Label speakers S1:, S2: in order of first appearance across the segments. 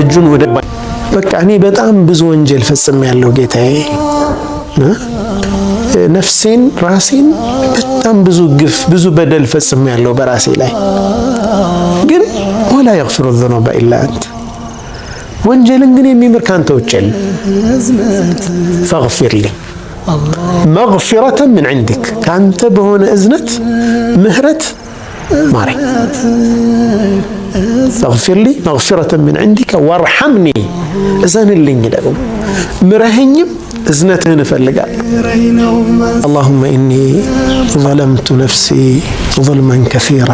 S1: እጁን ወደ በቃ እኔ በጣም ብዙ ወንጀል ፈጽም ያለው ጌታዬ፣ ነፍሴን ራሴን በጣም ብዙ ግፍ ብዙ በደል ፈጽም ያለው በራሴ ላይ ግን ወላ የግፍሩ ዘኖባ ኢላ አንተ ወንጀልን ግን የሚምር ካንተ ውጭ የለም። ፈግፊር ሊ መግፊረተን ምን ዕንዲክ ከአንተ በሆነ እዝነት ምህረት ماري تغفر لي مغفرة من عندك وارحمني زان اللي نقول مرهنم እዝነትህን እፈልጋለሁ። አላሁመ ኢኒ ዘለምቱ ነፍሲ ዙልመን ከሲራ።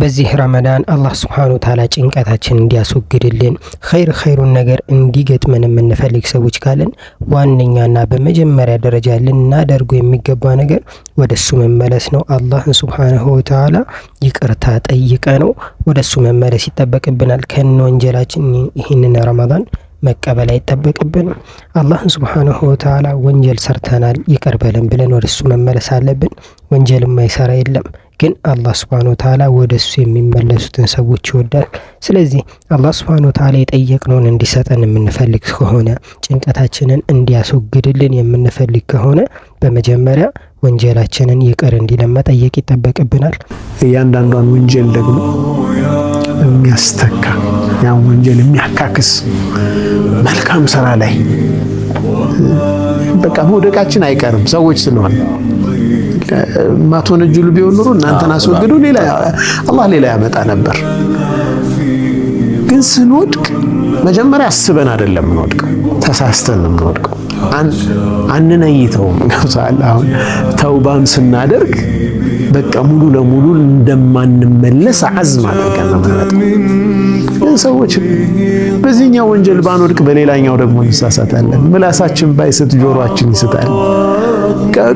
S2: በዚህ ረመዳን አላህ ስብሓነ ወተዓላ ጭንቀታችን እንዲያስወግድልን ኸይር ኸይሩን ነገር እንዲገጥመን የምንፈልግ ሰዎች ካለን ዋነኛና በመጀመሪያ ደረጃ ልናደርጉ የሚገባ ነገር ወደ እሱ መመለስ ነው። አላህን ስብሓነሁ ወተዓላ ይቅርታ ጠይቀ ነው ወደ እሱ መመለስ ይጠበቅብናል። ከነ ወንጀላችን ይህንን ረመዳን መቀበል አይጠበቅብንም። አላህን ሱብሓነሁ ወተዓላ ወንጀል ሰርተናል ይቀርበለን ብለን ወደሱ መመለስ አለብን። ወንጀል የማይሰራ የለም። ግን አላህ ስብሐነ ወተዓላ ወደ እሱ የሚመለሱትን ሰዎች ይወዳል። ስለዚህ አላህ ስብሐነ ወተዓላ የጠየቅነውን እንዲሰጠን የምንፈልግ ከሆነ ጭንቀታችንን እንዲያስወግድልን የምንፈልግ ከሆነ በመጀመሪያ ወንጀላችንን ይቅር እንዲለን መጠየቅ ይጠበቅብናል።
S1: እያንዳንዷን ወንጀል ደግሞ የሚያስተካ ያን ወንጀል የሚያካክስ መልካም ስራ ላይ በቃ መውደቃችን አይቀርም ሰዎች ስለሆነ ማትወነጅሉ ቢሆን ኑሮ እናንተን አስወግዶ ሌላ አላህ ሌላ ያመጣ ነበር። ግን ስንወድቅ መጀመሪያ አስበን አይደለም የምንወድቀው፣ ተሳስተን ነው የምንወድቀው። አንነይተውም። ገብቶሃል? አሁን ተውባም ስናደርግ በቃ ሙሉ ለሙሉ እንደማንመለስ አዝም አድርገን ነው የምንመጣው። ግን ሰዎች በዚህኛው ወንጀል ባንወድቅ፣ በሌላኛው ደግሞ እንሳሳታለን። ምላሳችን ባይስት ጆሮአችን ይስታል።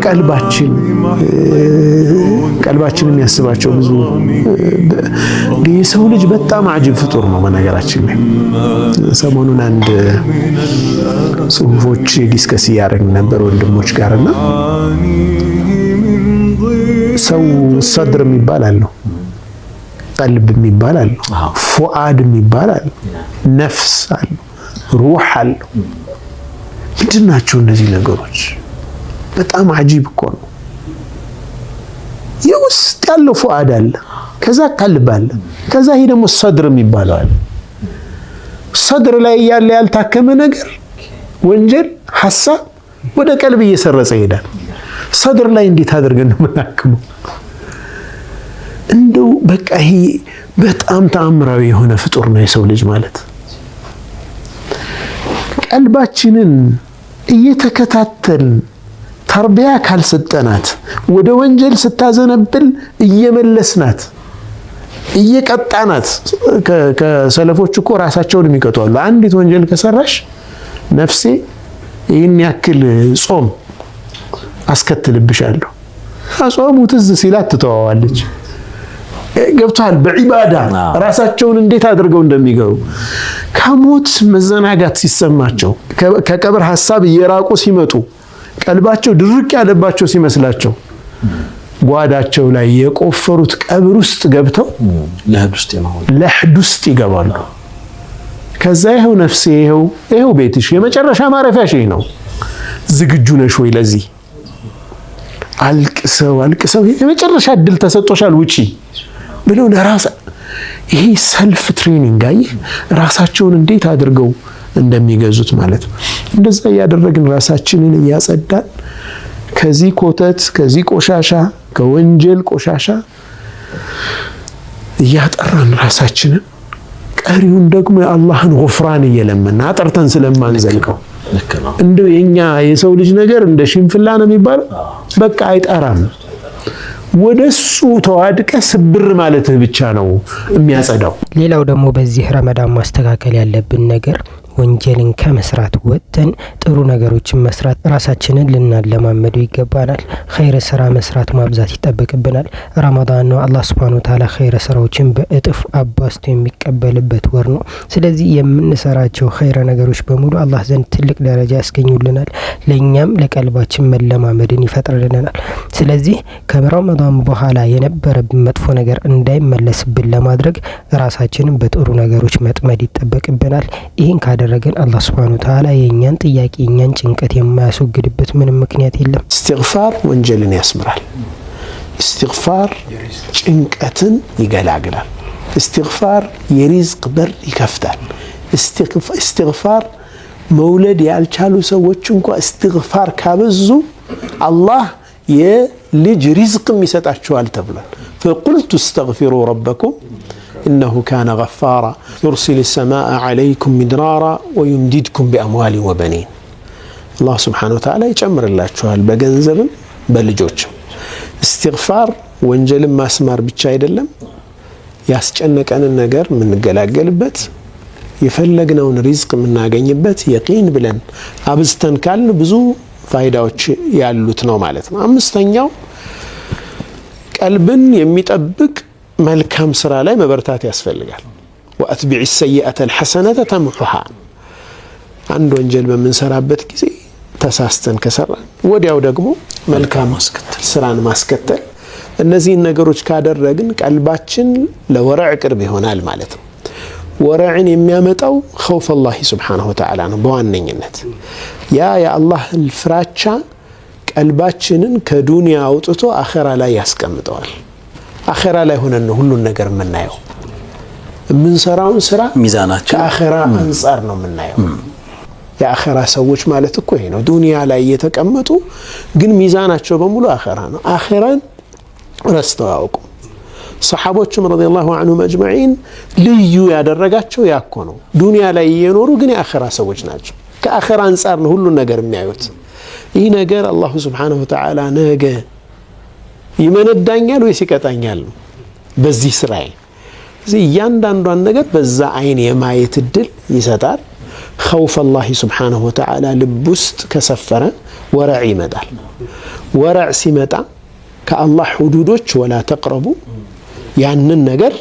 S1: ቀልባችን ቀልባችን የሚያስባቸው ብዙ የሰው ልጅ በጣም አጅብ ፍጡር ነው። በነገራችን ላይ ሰሞኑን አንድ ጽሁፎች ዲስከስ እያደረግን ነበር ወንድሞች ጋር እና ሰው ሰድር የሚባል አለው፣ ቀልብ የሚባል አለው፣ ፉአድ የሚባል አለው፣ ነፍስ አለው፣ ሩህ አለው። ምንድን ናቸው እነዚህ ነገሮች? በጣም አጂብ እኮ ነው። የውስጥ ያለው ፉአድ አለ፣ ከዛ ቀልብ አለ፣ ከዛ ይሄ ደግሞ ሰድር የሚባለው አለ። ሰድር ላይ ያለ ያልታከመ ነገር ወንጀል፣ ሀሳብ ወደ ቀልብ እየሰረጸ ይሄዳል። ሰድር ላይ እንዴት አድርገን ነው የምናክመው? እንደው በቃ ይሄ በጣም ተአምራዊ የሆነ ፍጡር ነው የሰው ልጅ ማለት። ቀልባችንን እየተከታተልን ተርቢያ ካልሰጠናት ወደ ወንጀል ስታዘነብል እየመለስናት እየቀጣናት። ከሰለፎች እኮ ራሳቸውን የሚቀጡ አሉ። አንዲት ወንጀል ከሰራሽ ነፍሴ ይህን ያክል ጾም አስከትልብሻለሁ፣ ጾሙ ትዝ ሲላት ትተዋዋለች። ገብቷል። በዒባዳ ራሳቸውን እንዴት አድርገው እንደሚገሩ ከሞት መዘናጋት ሲሰማቸው ከቀብር ሀሳብ እየራቁ ሲመጡ ቀልባቸው ድርቅ ያለባቸው ሲመስላቸው ጓዳቸው ላይ የቆፈሩት ቀብር ውስጥ ገብተው ለሕድ ውስጥ ይገባሉ። ከዛ ይኸው ነፍሴ፣ ይኸው ይኸው ቤትሽ፣ የመጨረሻ ማረፊያሽ ይህ ነው። ዝግጁ ነሽ ወይ ለዚህ? አልቅሰው አልቅሰው የመጨረሻ እድል ተሰጥቶሻል፣ ውጪ ብለው ለራስ ይሄ ሰልፍ ትሬኒንግ አየህ፣ ራሳቸውን እንዴት አድርገው እንደሚገዙት ማለት ነው። እንደዛ እያደረግን ራሳችንን እያጸዳን ከዚህ ኮተት፣ ከዚህ ቆሻሻ፣ ከወንጀል ቆሻሻ እያጠራን ራሳችንን ቀሪውን ደግሞ የአላህን ጉፍራን እየለመን አጠርተን ስለማንዘልቀው እንደ የኛ የሰው ልጅ ነገር እንደ ሽንፍላ ነው የሚባለው። በቃ አይጠራም። ወደሱ ተዋድቀ ስብር ማለትህ ብቻ ነው የሚያጸዳው። ሌላው ደግሞ በዚህ ረመዳን ማስተካከል ያለብን ነገር ወንጀልን ከመስራት ወጥተን ጥሩ ነገሮችን መስራት ራሳችንን ልናለማመዱ ይገባናል። ኸይረ ስራ መስራት ማብዛት ይጠበቅብናል። ረመዳን ነው። አላህ ስብሃነ ወተዓላ ኸይረ ስራዎችን በእጥፍ አባስቶ የሚቀበልበት ወር ነው። ስለዚህ የምንሰራቸው ኸይረ ነገሮች በሙሉ አላህ ዘንድ ትልቅ ደረጃ ያስገኙልናል። ለእኛም ለቀልባችን መለማመድን ይፈጥርልናል። ስለዚህ ከረመዳን በኋላ የነበረብን መጥፎ ነገር እንዳይመለስብን ለማድረግ ራሳችንን በጥሩ ነገሮች መጥመድ ይጠበቅብናል። ይህን ካደ ካላደረገን አላህ ስብሃነ ወተዓላ የእኛን ጥያቄ የእኛን ጭንቀት የማያስወግድበት ምንም ምክንያት የለም። እስትግፋር ወንጀልን ያስምራል። እስትግፋር ጭንቀትን ይገላግላል። እስትግፋር የሪዝቅ በር ይከፍታል። እስትግፋር መውለድ ያልቻሉ ሰዎች እንኳ እስትግፋር ካበዙ አላህ የልጅ ሪዝቅም ይሰጣቸዋል ተብሏል። ፈቁልቱ እስተግፊሩ ረበኩም إنه كان غفارا يرسل السماء عليكم مدرارا ويمددكم بأموال وبنين አላህ ስብሓነ ወተዓላ ይጨምርላችኋል በገንዘብም በልጆችም። እስትግፋር ወንጀልን ማስማር ብቻ አይደለም፣ ያስጨነቀንን ነገር የምንገላገልበት የፈለግነውን ሪዝቅ የምናገኝበት የቂን ብለን አብዝተን ካልን ብዙ ፋይዳዎች ያሉት ነው ማለት ነው። አምስተኛው ቀልብን የሚጠብቅ መልካም ስራ ላይ መበርታት ያስፈልጋል። ወአትቢዕ ሰይአተ ልሐሰነተ ተምሑሃ። አንድ ወንጀል በምንሰራበት ጊዜ ተሳስተን ከሰራን ወዲያው ደግሞ መልካም ስራን ማስከተል፣ እነዚህን ነገሮች ካደረግን ቀልባችን ለወረዕ ቅርብ ይሆናል ማለት ነው። ወረዕን የሚያመጣው ኸውፍ አላህ ስብሓነሁ ወተዓላ ነው በዋነኝነት ያ የአላህ ፍራቻ ቀልባችንን ከዱንያ አውጥቶ አኸራ ላይ ያስቀምጠዋል። አኼራ ላይ ሆነን ነው ሁሉን ነገር የምናየው። የምንሰራውን ስራ ሚዛናችን ከአኼራ አንጻር ነው የምናየው። የአኼራ ሰዎች ማለት እኮ ይሄ ነው። ዱንያ ላይ እየተቀመጡ ግን ሚዛናቸው በሙሉ አኼራ ነው። አራን ረስተው አያውቁም። ሰሓቦችም ረዲየላሁ አንሁም አጅማዒን ልዩ ያደረጋቸው ያኮ ነው። ዱንያ ላይ እየኖሩ ግን የአኼራ ሰዎች ናቸው። ከአኼራ አንጻር ነው ሁሉን ነገር የሚያዩት። ይህ ነገር አላሁ ስብሓነሁ ወተዓላ ነገ ይመነዳኛል ወይስ ይቀጣኛል? በዚህ ስራዬ። እዚህ እያንዳንዷን ነገር በዛ አይን የማየት እድል ይሰጣል። ኸውፍ አላህ ሱብሓነሁ ወተዓላ ልብ ውስጥ ከሰፈረ ወረዕ ይመጣል። ወረዕ ሲመጣ ከአላህ ሁዱዶች ወላ ተቅረቡ ያንን ነገር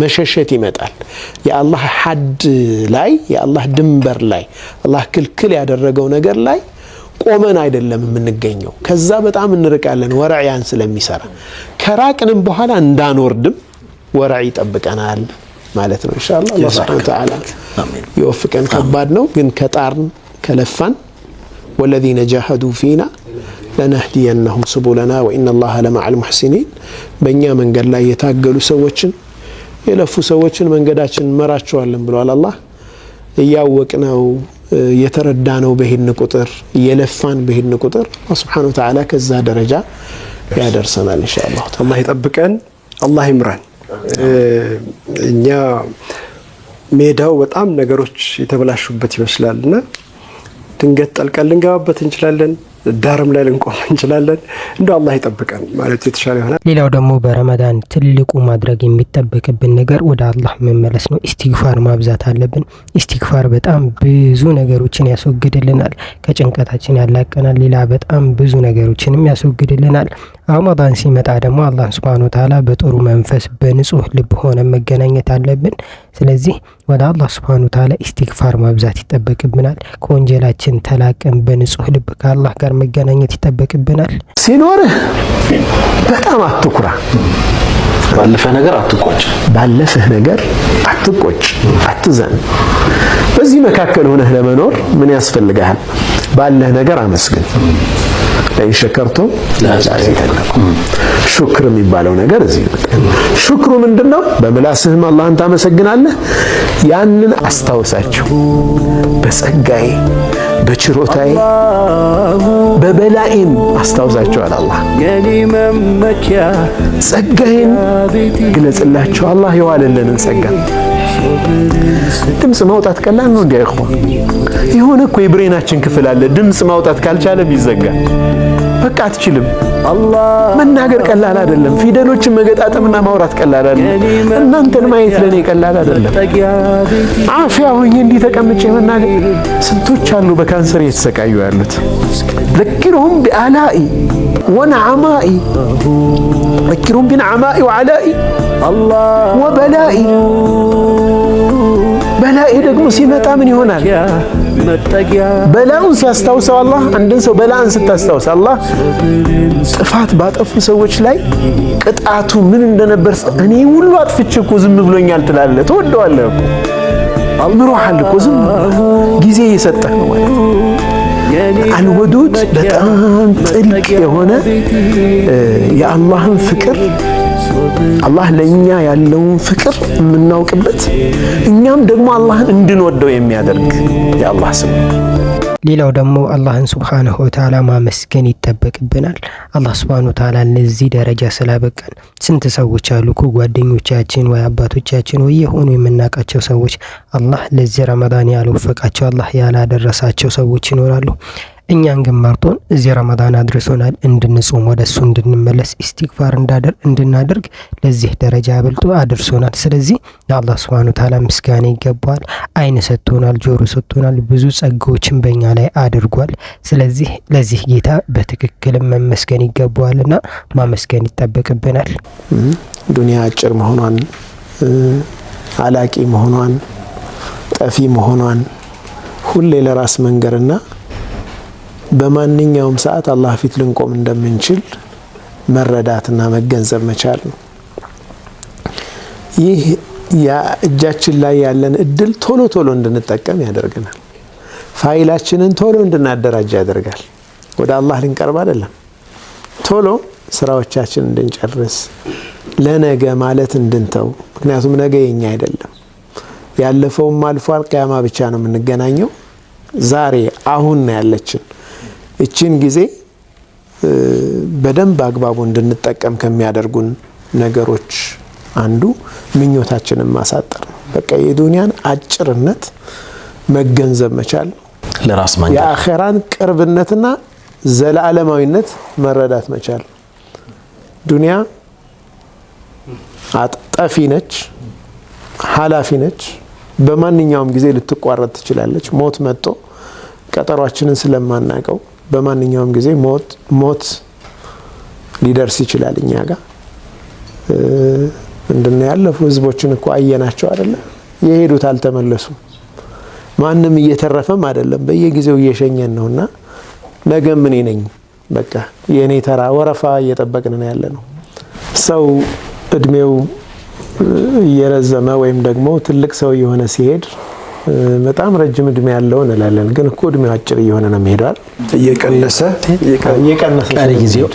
S1: መሸሸት ይመጣል። የአላህ ሐድ ላይ የአላህ ድንበር ላይ አላህ ክልክል ያደረገው ነገር ላይ ቆመን አይደለም የምንገኘው። ከዛ በጣም እንርቃለን ያን ስለሚሰራ ከራቅንም በኋላ እንዳንወርድም ወረዕ ይጠብቀናል ማለት ነው። ኢንሻአላህ አላህ ሱብሓነሁ ወተዓላ ይወፍቀን። ከባድ ነው ግን ከጣርን ከለፋን ወለዚነ ጃሀዱ ፊና ለነህዲየነሁም ስቡለና ወኢነ ላሀ ለመዐል ሙሕሲኒን በእኛ መንገድ ላይ የታገሉ ሰዎችን የለፉ ሰዎችን መንገዳችን እንመራቸዋለን ብሏል አላህ እያወቅነው የተረዳ ነው በሄድን ቁጥር የለፋን በሄድን ቁጥር አላህ ወተዓላ ከዛ ደረጃ ያደርሰናል። ኢንሻአላህ አላህ ይጠብቀን፣ አላህ ይምራን። እኛ ሜዳው በጣም ነገሮች የተበላሹበት ይመስላልና ድንገት ጠልቀን ልንገባበት እንችላለን። ዳርም ላይ ልንቆም እንችላለን። እንደ አላህ ይጠብቀን ማለት የተሻለ ይሆናል። ሌላው ደግሞ በረመዳን ትልቁ ማድረግ የሚጠበቅብን ነገር ወደ አላህ መመለስ ነው። ኢስቲግፋር ማብዛት አለብን። ኢስቲግፋር በጣም ብዙ ነገሮችን ያስወግድልናል፣ ከጭንቀታችን ያላቀናል። ሌላ በጣም ብዙ ነገሮችንም ያስወግድልናል። ረመዳን ሲመጣ ደግሞ አላህ ስብሃነ ወተዓላ በጥሩ መንፈስ በንጹህ ልብ ሆነ መገናኘት አለብን። ስለዚህ ወደ አላህ ስብሃነ ወተዓላ ኢስቲግፋር ማብዛት ይጠበቅብናል። ከወንጀላችን ተላቀን በንጹህ ልብ ከአላህ ጋር ጋር መገናኘት ይጠበቅብናል። ሲኖርህ በጣም አትኩራ። ባለፈ ነገር አትቆጭ፣ ባለፈህ ነገር አትቆጭ፣ አትዘን። በዚህ መካከል ሆነህ ለመኖር ምን ያስፈልግሃል? ባለህ ነገር አመስግን። ለኢን ሸከርቱም ለአዚደንኩም። ሹክር የሚባለው ነገር እዚህ ነው። ሹክሩ ምንድነው? በምላስህም አላህን ታመሰግናለህ። ያንን አስታውሳችሁ በጸጋዬ በችሮታዬ በበላይም አስታውሳቸዋል። አላህ ጸጋዬን ግለጽላቸው። አላህ የዋለልንን ጸጋ ድምፅ ማውጣት ቀላል ነው። እንዲያ ይሆነ እኮ የብሬናችን ክፍል አለ። ድምፅ ማውጣት ካልቻለም ይዘጋል። በቃ አትችልም። መናገር ቀላል አይደለም። ፊደሎችን መገጣጠምና ማውራት ቀላል አይደለም። እናንተን ማየት ለእኔ ቀላል አይደለም። አፍያ ሆኜ እንዲህ ተቀምጬ መናገር ስንቶች አሉ በካንሰር እየተሰቃዩ ያሉት። ዘኪሩሁም ቢአላኢ ወነዓማኢ ዘኪሩሁም ቢንዓማኢ ወዓላኢ ወበላኢ በላኢ ደግሞ ሲመጣ ምን ይሆናል? በላውን ሲያስታውሰው አላህ አንድን ሰው በላን ስታስታውስ አላህ ጥፋት ባጠፉ ሰዎች ላይ ቅጣቱ ምን እንደነበር እኔ ሁሉ አጥፍቼ እኮ ዝም ብሎኛል ትላለህ። ትወደዋለህ እኮ ምሮሃል እኮ ዝም ጊዜ እየሰጠህ ነው ማለት አልወዱድ በጣም ጥልቅ የሆነ የአላህን ፍቅር አላህ ለኛ ያለውን ፍቅር የምናውቅበት እኛም ደግሞ አላህን እንድንወደው የሚያደርግ የአላህ ስም። ሌላው ደግሞ አላህን ስብሓንሁ ወተዓላ ማመስገን ይጠበቅብናል። አላህ ስብሓንሁ ወተዓላ ለዚህ ደረጃ ስላበቀን ስንት ሰዎች አሉ እኮ ጓደኞቻችን፣ ወይ አባቶቻችን፣ ወይ የሆኑ የምናውቃቸው ሰዎች አላህ ለዚህ ረመዳን ያልወፈቃቸው አላህ ያላደረሳቸው ሰዎች ይኖራሉ። እኛን ግን መርጦን እዚህ ረመዳን አድርሶናል እንድንጾም ወደ እሱ እንድንመለስ ኢስቲግፋር እንድናደርግ ለዚህ ደረጃ አብልጦ አድርሶናል። ስለዚህ ለአላህ ስብሃነ ተዓላ ምስጋና ይገባዋል። አይን ሰጥቶናል፣ ጆሮ ሰጥቶናል፣ ብዙ ጸጋዎችን በእኛ ላይ አድርጓል። ስለዚህ ለዚህ ጌታ በትክክልም መመስገን ይገባዋልና ማመስገን ይጠበቅብናል። ዱኒያ አጭር መሆኗን አላቂ መሆኗን ጠፊ መሆኗን ሁሌ ለራስ መንገርና በማንኛውም ሰዓት አላህ ፊት ልንቆም እንደምንችል መረዳትና መገንዘብ መቻል ነው። ይህ እጃችን ላይ ያለን እድል ቶሎ ቶሎ እንድንጠቀም ያደርገናል። ፋይላችንን ቶሎ እንድናደራጅ ያደርጋል። ወደ አላህ ልንቀርብ አይደለም፣ ቶሎ ስራዎቻችን እንድንጨርስ ለነገ ማለት እንድንተው። ምክንያቱም ነገ የኛ አይደለም፣ ያለፈውም አልፏል። ቅያማ ብቻ ነው የምንገናኘው። ዛሬ አሁን ነው ያለችን እቺን ጊዜ በደንብ አግባቡ እንድንጠቀም ከሚያደርጉን ነገሮች አንዱ ምኞታችንን ማሳጠር ነው። በቃ የዱንያን አጭርነት መገንዘብ መቻል ለራስ ማንገ የአኸራን ቅርብነትና ዘላለማዊነት መረዳት መቻል ዱንያ አጠፊ ነች፣ ሀላፊ ነች። በማንኛውም ጊዜ ልትቋረጥ ትችላለች። ሞት መጥቶ ቀጠሯችንን ስለማናቀው በማንኛውም ጊዜ ሞት ሊደርስ ይችላል እኛ ጋር። እንድና ያለፉ ህዝቦችን እኮ አየናቸው አይደለ? የሄዱት አልተመለሱም። ማንም እየተረፈም አይደለም። በየጊዜው እየሸኘን ነውና ነገ ምን ነኝ በቃ የእኔ ተራ ወረፋ እየጠበቅን ነው ያለ ነው። ሰው እድሜው እየረዘመ ወይም ደግሞ ትልቅ ሰው የሆነ ሲሄድ በጣም ረጅም እድሜ ያለው እንላለን፣ ግን እኮ እድሜው አጭር እየሆነ ነው የሚሄዳል። እየቀነሰ እየቀነሰ ጊዜው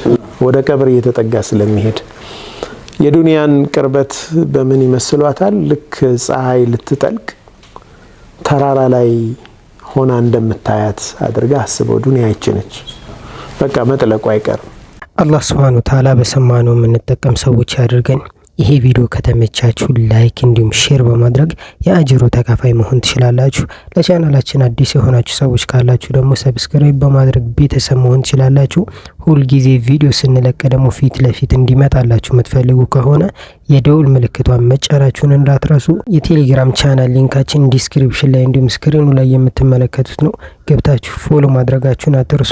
S1: ወደ ቀብር እየተጠጋ ስለሚሄድ የዱንያን ቅርበት በምን ይመስሏታል? ልክ ፀሐይ ልትጠልቅ ተራራ ላይ ሆና እንደምታያት አድርጋ አስበው። ዱንያ ይች ነች፣ በቃ መጥለቁ አይቀርም። አላህ ስብሃነ ወተዓላ በሰማነው የምንጠቀም ሰዎች ያድርገን። ይሄ ቪዲዮ ከተመቻችሁ ላይክ እንዲሁም ሼር በማድረግ የአጅሩ ተካፋይ መሆን ትችላላችሁ። ለቻናላችን አዲስ የሆናችሁ ሰዎች ካላችሁ ደግሞ ሰብስክራይብ በማድረግ ቤተሰብ መሆን ትችላላችሁ። ሁልጊዜ ቪዲዮ ስንለቅ ደግሞ ፊት ለፊት እንዲመጣላችሁ የምትፈልጉ ከሆነ የደውል ምልክቷን መጫራችሁን እንዳትረሱ። የቴሌግራም ቻናል ሊንካችን ዲስክሪፕሽን ላይ እንዲሁም ስክሪኑ ላይ የምትመለከቱት ነው። ገብታችሁ ፎሎ ማድረጋችሁን አትርሱ።